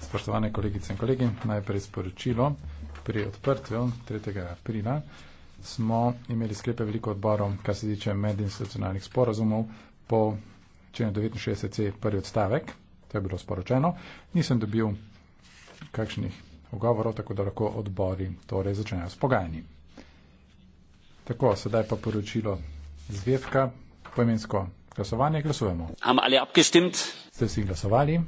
Spoštovane kolegice in kolegi, najprej sporočilo. Pri odprtju 3. aprila smo imeli sklepe veliko odborov, kar se tiče medinstitucionalnih sporazumov, po členu 69c prvi odstavek, to je bilo sporočeno. Nisem dobil kakšnih ogovorov, tako da lahko odbori torej začnejo s pogajanji. Tako, sedaj pa poročilo zvedka, poimensko glasovanje, glasujemo ste si glasovali.